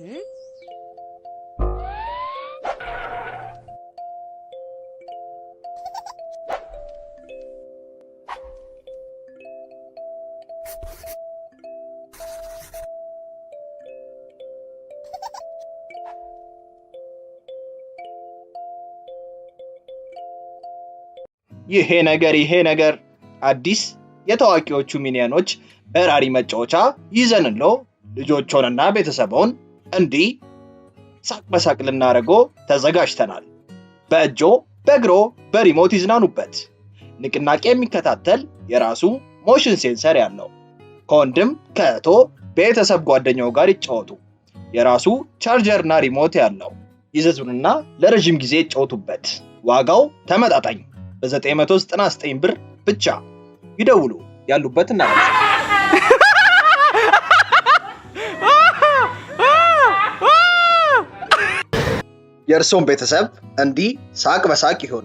ይሄ ነገር ይሄ ነገር አዲስ የታዋቂዎቹ ሚኒያኖች በራሪ መጫወቻ ይዘንሎ ልጆቹንና ቤተሰቦን እንዲህ ሳቅ በሳቅ ልናደርጎ ተዘጋጅተናል። በእጆ በእግሮ በሪሞት ይዝናኑበት። ንቅናቄ የሚከታተል የራሱ ሞሽን ሴንሰር ያለው ከወንድም ከእቶ ቤተሰብ ጓደኛው ጋር ይጫወቱ። የራሱ ቻርጀርና ሪሞት ያለው ይዘዙንና ለረዥም ጊዜ ይጫወቱበት። ዋጋው ተመጣጣኝ በ999 ብር ብቻ ይደውሉ። ያሉበት እናደርሳል። የእርስዎን ቤተሰብ እንዲህ ሳቅ በሳቅ ይሆን።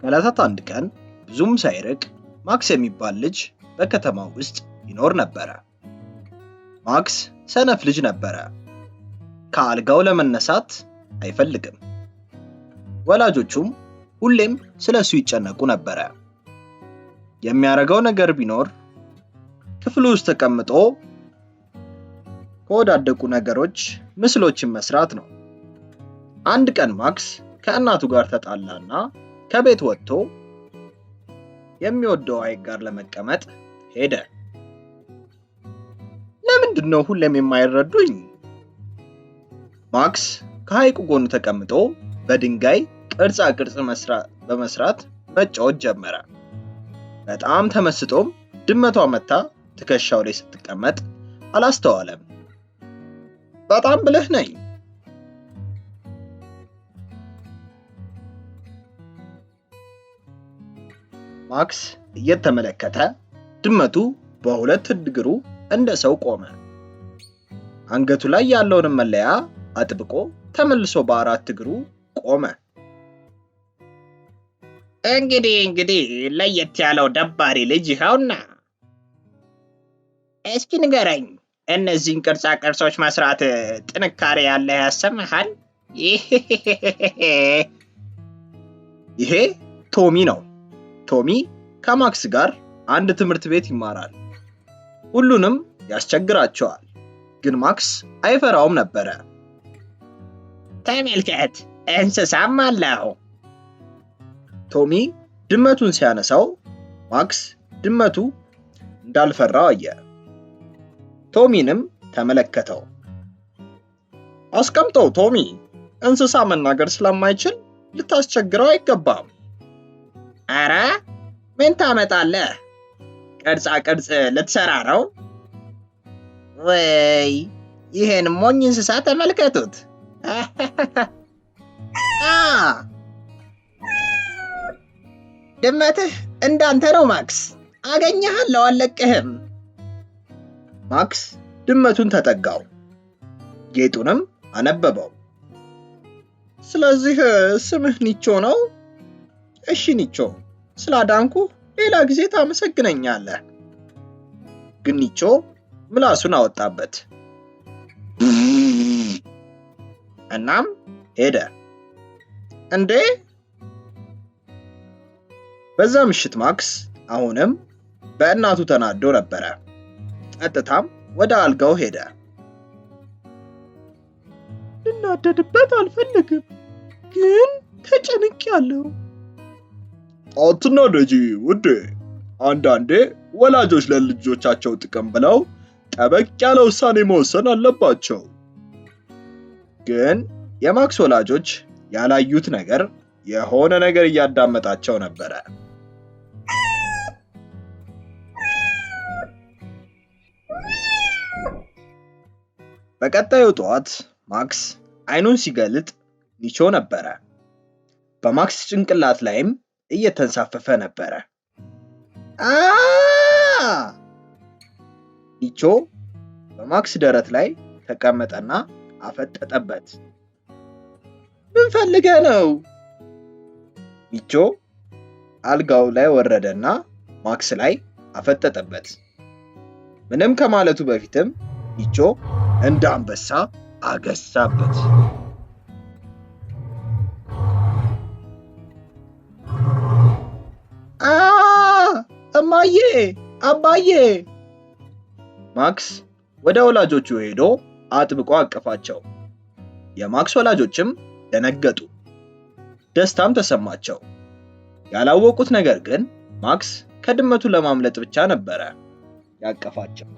ከዕለታት አንድ ቀን ብዙም ሳይርቅ ማክስ የሚባል ልጅ በከተማ ውስጥ ይኖር ነበረ። ማክስ ሰነፍ ልጅ ነበረ። ከአልጋው ለመነሳት አይፈልግም። ወላጆቹም ሁሌም ስለ እሱ ይጨነቁ ነበረ። የሚያደርገው ነገር ቢኖር ክፍሉ ውስጥ ተቀምጦ ከወዳደቁ ነገሮች ምስሎችን መስራት ነው። አንድ ቀን ማክስ ከእናቱ ጋር ተጣላና ከቤት ወጥቶ የሚወደው አይ ጋር ለመቀመጥ ሄደ። ለምንድን ነው ሁሌም የማይረዱኝ? ማክስ ከሐይቁ ጎን ተቀምጦ በድንጋይ ቅርጻ ቅርጽ በመስራት መጫወት ጀመረ። በጣም ተመስጦም ድመቷ መታ ትከሻው ላይ ስትቀመጥ አላስተዋለም። በጣም ብልህ ነኝ ማክስ እየተመለከተ ድመቱ በሁለት እግሩ እንደ ሰው ቆመ። አንገቱ ላይ ያለውን መለያ አጥብቆ ተመልሶ በአራት እግሩ ቆመ። እንግዲህ እንግዲህ ለየት ያለው ደባሪ ልጅ ይኸውና። እስኪ ንገረኝ፣ እነዚህን ቅርጻ ቅርጾች መስራት ጥንካሬ ያለ ያሰማሃል? ይሄ ቶሚ ነው። ቶሚ ከማክስ ጋር አንድ ትምህርት ቤት ይማራል። ሁሉንም ያስቸግራቸዋል፣ ግን ማክስ አይፈራውም ነበረ። ተመልከት፣ እንስሳም አለው። ቶሚ ድመቱን ሲያነሳው ማክስ ድመቱ እንዳልፈራው አየ። ቶሚንም ተመለከተው። አስቀምጠው ቶሚ፣ እንስሳ መናገር ስለማይችል ልታስቸግረው አይገባም አረ ምን ታመጣለህ? ቅርጻ ቅርጽ ልትሰራ ነው? ወይ ይህን ሞኝ እንስሳ ተመልከቱት። ድመትህ እንዳንተ ነው ማክስ፣ አገኘሃለሁ፣ አለቅህም ማክስ ድመቱን ተጠጋው፣ ጌጡንም አነበበው። ስለዚህ ስምህ ኒቾ ነው? እሺ ኒቾ፣ ስላዳንኩ ሌላ ጊዜ ታመሰግነኛለህ። ግን ኒቾ ምላሱን አወጣበት፣ እናም ሄደ። እንዴ! በዛ ምሽት ማክስ አሁንም በእናቱ ተናዶ ነበረ። ቀጥታም ወደ አልጋው ሄደ። ልናደድበት አልፈልግም፣ ግን ያለው አትናደጂ ውዴ። አንዳንዴ ወላጆች ለልጆቻቸው ጥቅም ብለው ጠበቅ ያለ ውሳኔ መወሰን አለባቸው። ግን የማክስ ወላጆች ያላዩት ነገር የሆነ ነገር እያዳመጣቸው ነበረ። በቀጣዩ ጠዋት ማክስ አይኑን ሲገልጥ ኒቾ ነበረ። በማክስ ጭንቅላት ላይም እየተንሳፈፈ ነበረ። ኒቾ በማክስ ደረት ላይ ተቀመጠና አፈጠጠበት። ምንፈልገ ነው? ኒቾ አልጋው ላይ ወረደና ማክስ ላይ አፈጠጠበት። ምንም ከማለቱ በፊትም ኒቾ እንደ አንበሳ አገሳበት። እማዬ አባዬ። ማክስ ወደ ወላጆቹ ሄዶ አጥብቆ አቀፋቸው። የማክስ ወላጆችም ደነገጡ፣ ደስታም ተሰማቸው። ያላወቁት ነገር ግን ማክስ ከድመቱ ለማምለጥ ብቻ ነበረ ያቀፋቸው።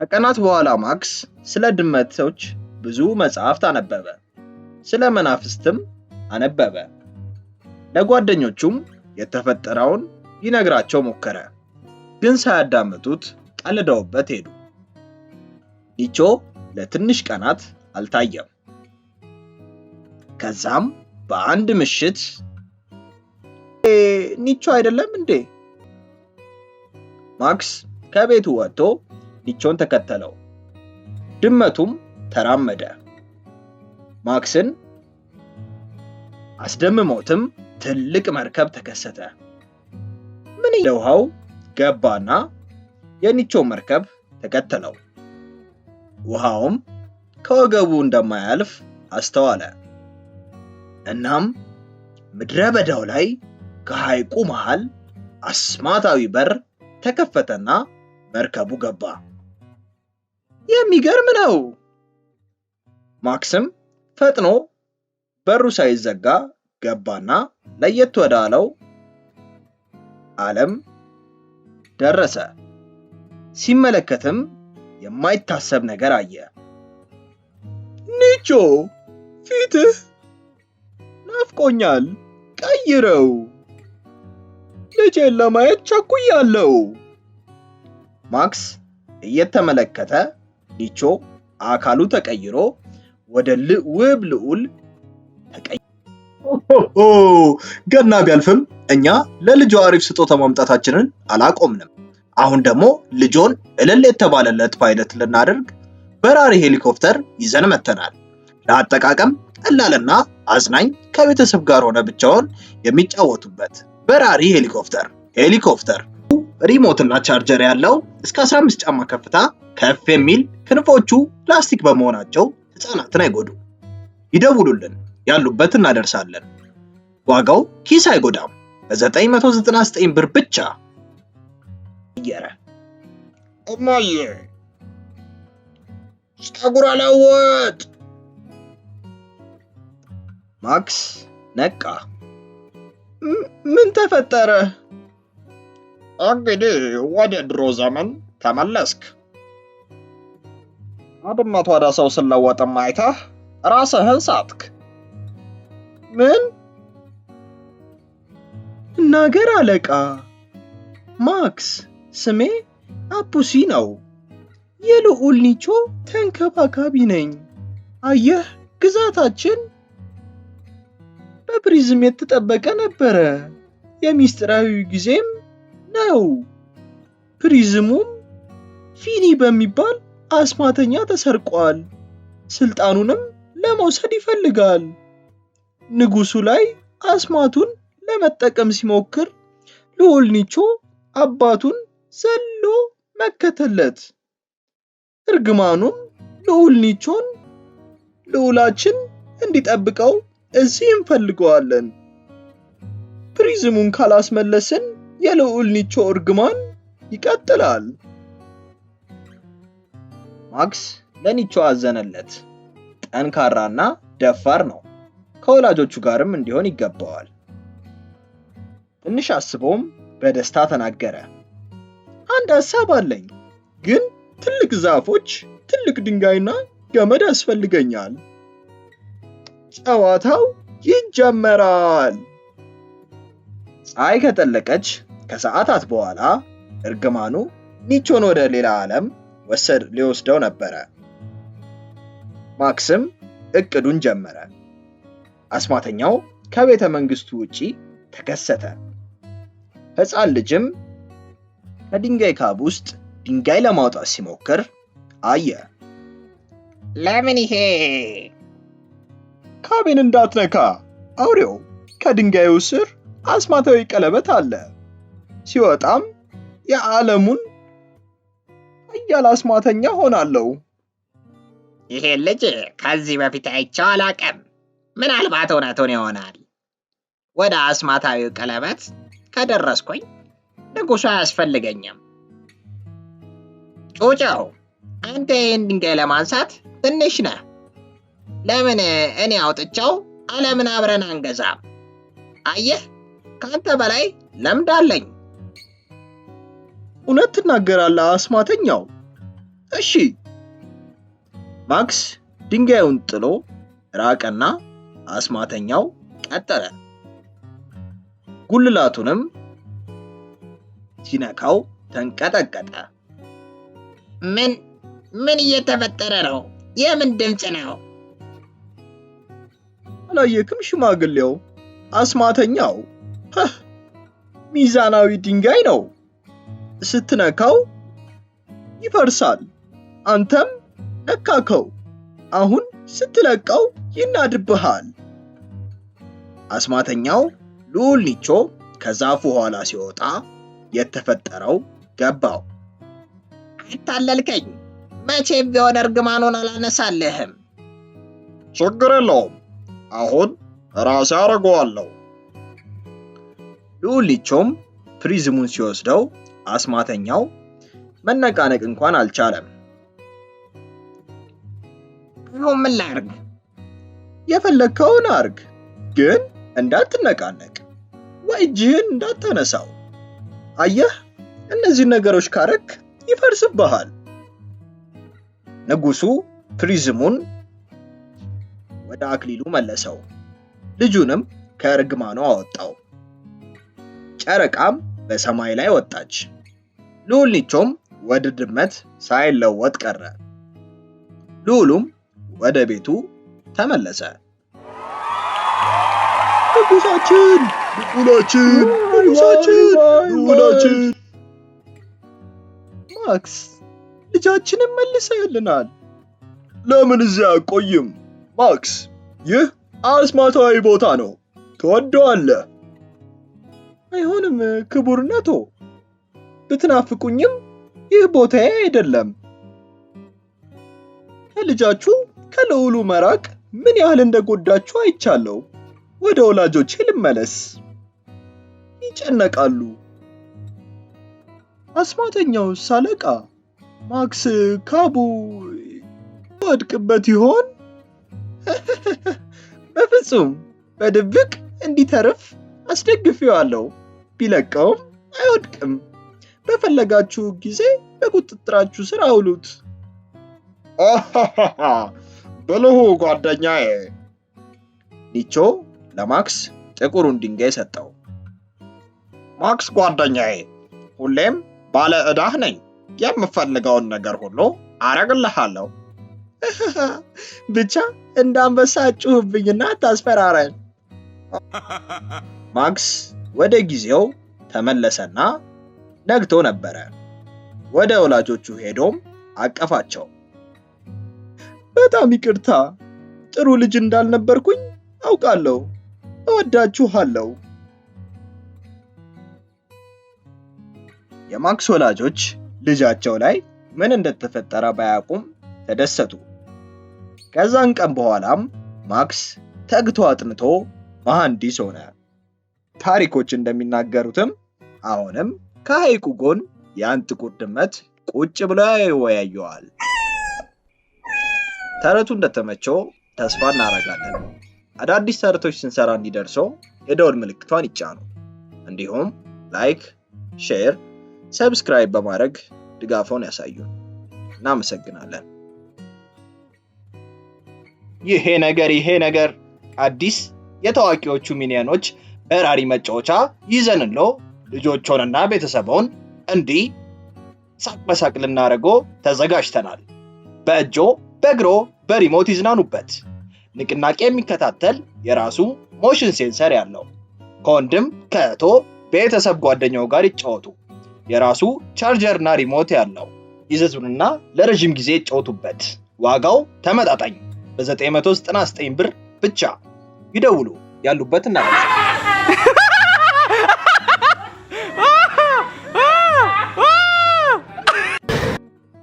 ከቀናት በኋላ ማክስ ስለ ድመቶች ብዙ መጽሐፍት አነበበ፣ ስለ መናፍስትም አነበበ። ለጓደኞቹም የተፈጠረውን ይነግራቸው ሞከረ፣ ግን ሳያዳምጡት ቀልደውበት ሄዱ። ኒቾ ለትንሽ ቀናት አልታየም። ከዛም በአንድ ምሽት ኒቾ አይደለም እንዴ? ማክስ ከቤቱ ወጥቶ ኒቾን ተከተለው። ድመቱም ተራመደ። ማክስን አስደምሞትም ትልቅ መርከብ ተከሰተ። ምን ውሃው ገባና የኒቾ መርከብ ተከተለው። ውሃውም ከወገቡ እንደማያልፍ አስተዋለ። እናም ምድረ በዳው ላይ ከሐይቁ መሃል አስማታዊ በር ተከፈተና መርከቡ ገባ። የሚገርም ነው። ማክስም ፈጥኖ በሩ ሳይዘጋ ገባና ለየት ወዳለው ዓለም ደረሰ። ሲመለከትም የማይታሰብ ነገር አየ። ኒቾ ፊትህ ናፍቆኛል፣ ቀይረው። ልጄን ለማየት ቻኩያለው ማክስ እየተመለከተ ኒቾ አካሉ ተቀይሮ ወደ ውብ ልዑል ተቀይ ገና ቢያልፍም እኛ ለልጇ አሪፍ ስጦታ ማምጣታችንን አላቆምንም። አሁን ደግሞ ልጆን እልል የተባለለት ፓይለት ልናደርግ በራሪ ሄሊኮፕተር ይዘን መተናል። ለአጠቃቀም ቀላልና አዝናኝ ከቤተሰብ ጋር ሆነ ብቻውን የሚጫወቱበት በራሪ ሄሊኮፕተር ሄሊኮፕተር ሪሞትና ቻርጀር ያለው እስከ 15 ጫማ ከፍታ ከፍ የሚል ክንፎቹ ፕላስቲክ በመሆናቸው ህፃናትን አይጎዱም። ይደውሉልን፣ ያሉበት እናደርሳለን። ዋጋው ኪስ አይጎዳም። በ999 ብር ብቻ ቀየረ። እማዬ ፀጉር አላወጥ። ማክስ ነቃ። ምን ተፈጠረ? እንግዲህ ወደ ድሮ ዘመን ተመለስክ። አድማት ወደ ሰው ስለወጥ ማይታህ ራስህን ሳትክ። ምን እናገር አለቃ። ማክስ ስሜ አፑሲ ነው። የልዑል ኒቾ ተንከባካቢ ነኝ። አየህ ግዛታችን በፕሪዝም የተጠበቀ ነበረ። የሚስጥራዊ ጊዜም ነው። ፕሪዝሙም ፊኒ በሚባል አስማተኛ ተሰርቋል። ስልጣኑንም ለመውሰድ ይፈልጋል። ንጉሱ ላይ አስማቱን ለመጠቀም ሲሞክር ልዑል ኒቾ አባቱን ዘሎ መከተለት። እርግማኑም ልዑል ኒቾን ልዑላችን እንዲጠብቀው እዚህ እንፈልገዋለን። ፕሪዝሙን ካላስመለስን የልዑል ኒቾ እርግማን ይቀጥላል። ማክስ ለኒቾ አዘነለት። ጠንካራና ደፋር ነው። ከወላጆቹ ጋርም እንዲሆን ይገባዋል። ትንሽ አስቦም በደስታ ተናገረ። አንድ ሐሳብ አለኝ፣ ግን ትልቅ ዛፎች፣ ትልቅ ድንጋይና ገመድ ያስፈልገኛል። ጨዋታው ይጀመራል። ፀሐይ ከጠለቀች ከሰዓታት በኋላ እርግማኑ ኒቾን ወደ ሌላ ዓለም ወሰድ ሊወስደው ነበረ። ማክስም እቅዱን ጀመረ። አስማተኛው ከቤተ መንግስቱ ውጪ ተከሰተ። ሕፃን ልጅም ከድንጋይ ካብ ውስጥ ድንጋይ ለማውጣት ሲሞክር አየ። ለምን ይሄ ካቤን እንዳትነካ! አውሬው ከድንጋዩ ስር አስማታዊ ቀለበት አለ። ሲወጣም የዓለሙን ኃያል አስማተኛ ሆናለሁ። ይሄ ልጅ ከዚህ በፊት አይቼው አላውቅም። ምናልባት እውነቱን ይሆናል። ወደ አስማታዊው ቀለበት ከደረስኩኝ ንጉሱ አያስፈልገኝም። ጩጫው አንተ ይህን ድንጋይ ለማንሳት ትንሽ ነህ። ለምን እኔ አውጥቻው አለምን አብረን አንገዛም? አየህ ከአንተ በላይ ለምዳለኝ አለኝ። እውነት ትናገራለህ አስማተኛው። እሺ። ማክስ ድንጋዩን ጥሎ ራቀና አስማተኛው ቀጠለ። ጉልላቱንም ሲነካው ተንቀጠቀጠ። ምን ምን እየተፈጠረ ነው? የምን ድምፅ ነው? አላየክም? ሽማግሌው አስማተኛው ሚዛናዊ ድንጋይ ነው። ስትነካው ይፈርሳል። አንተም ነካከው። አሁን ስትለቀው ይናድብሃል። አስማተኛው ሉሊቾ ከዛፉ ኋላ ሲወጣ የተፈጠረው ገባው። አታለልከኝ መቼም ቢሆን እርግማኑን አላነሳልህም። ችግር የለውም፣ አሁን ራሴ አደርገዋለሁ። ሉሊቾም ፕሪዝሙን ሲወስደው አስማተኛው መነቃነቅ እንኳን አልቻለም። አሁን ምን ላርግ? የፈለግከውን አርግ፣ ግን እንዳትነቃነቅ። እጅህን እንዳታነሳው። አየህ፣ እነዚህን ነገሮች ካረክ ይፈርስብሃል። ንጉሡ ፕሪዝሙን ወደ አክሊሉ መለሰው፣ ልጁንም ከእርግማኑ አወጣው። ጨረቃም በሰማይ ላይ ወጣች፣ ልዑልኒቾም ወደ ድመት ሳይለወጥ ቀረ። ልዑሉም ወደ ቤቱ ተመለሰ። ንጉሳችን ማክስ ልጃችንን መልሰህልናል። ለምን እዚያ አቆይም? ማክስ ይህ አስማታዊ ቦታ ነው። ትወደዋለህ። አይሆንም ክቡርነቶ፣ ብትናፍቁኝም ይህ ቦታዬ አይደለም። ከልጃችሁ ከልዑሉ መራቅ ምን ያህል እንደጎዳችሁ አይቻለሁ። ወደ ወላጆቼ ልመለስ። ይጨነቃሉ። አስማተኛው ሳለቃ ማክስ ካቡ ወድቅበት ይሆን? በፍጹም በድብቅ እንዲተርፍ አስደግፌዋለሁ። ቢለቀውም አይወድቅም። በፈለጋችሁ ጊዜ በቁጥጥራችሁ ስር አውሉት። ብልሁ ጓደኛዬ። ኒቾ ለማክስ ጥቁሩን ድንጋይ ሰጠው። ማክስ ጓደኛዬ፣ ሁሌም ባለ ዕዳህ ነኝ። የምፈልገውን ነገር ሁሉ አረግልሃለሁ። ብቻ እንዳንበሳ ጩህብኝና ታስፈራረን። ማክስ ወደ ጊዜው ተመለሰና ነግቶ ነበረ። ወደ ወላጆቹ ሄዶም አቀፋቸው። በጣም ይቅርታ፣ ጥሩ ልጅ እንዳልነበርኩኝ አውቃለሁ። እወዳችኋለሁ። የማክስ ወላጆች ልጃቸው ላይ ምን እንደተፈጠረ ባያውቁም ተደሰቱ። ከዛን ቀን በኋላም ማክስ ተግቶ አጥንቶ መሐንዲስ ሆነ። ታሪኮች እንደሚናገሩትም አሁንም ከሐይቁ ጎን ያን ጥቁር ድመት ቁጭ ብሎ ያወያየዋል። ተረቱ እንደተመቸው ተስፋ እናደርጋለን። አዳዲስ ተረቶች ስንሰራ እንዲደርሰው የደወል ምልክቷን ይጫኑ። እንዲሁም ላይክ፣ ሼር ሰብስክራይብ በማድረግ ድጋፎን ያሳዩ። እናመሰግናለን። ይሄ ነገር ይሄ ነገር አዲስ የታዋቂዎቹ ሚኒየኖች በራሪ መጫወቻ ይዘንሎ ልጆቾንና ቤተሰቦን እንዲህ ሳቅ በሳቅ ልናደርጎ ተዘጋጅተናል። በእጆ በእግሮ በሪሞት ይዝናኑበት። ንቅናቄ የሚከታተል የራሱ ሞሽን ሴንሰር ያለው ከወንድም ከእቶ ቤተሰብ ጓደኛው ጋር ይጫወቱ። የራሱ ቻርጀርና ሪሞት ያለው ይዘዙንና ለረዥም ጊዜ ጨውቱበት። ዋጋው ተመጣጣኝ በ999 ብር ብቻ ይደውሉ። ያሉበት እና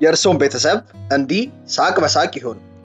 የእርስዎን ቤተሰብ እንዲህ ሳቅ በሳቅ ይሆን።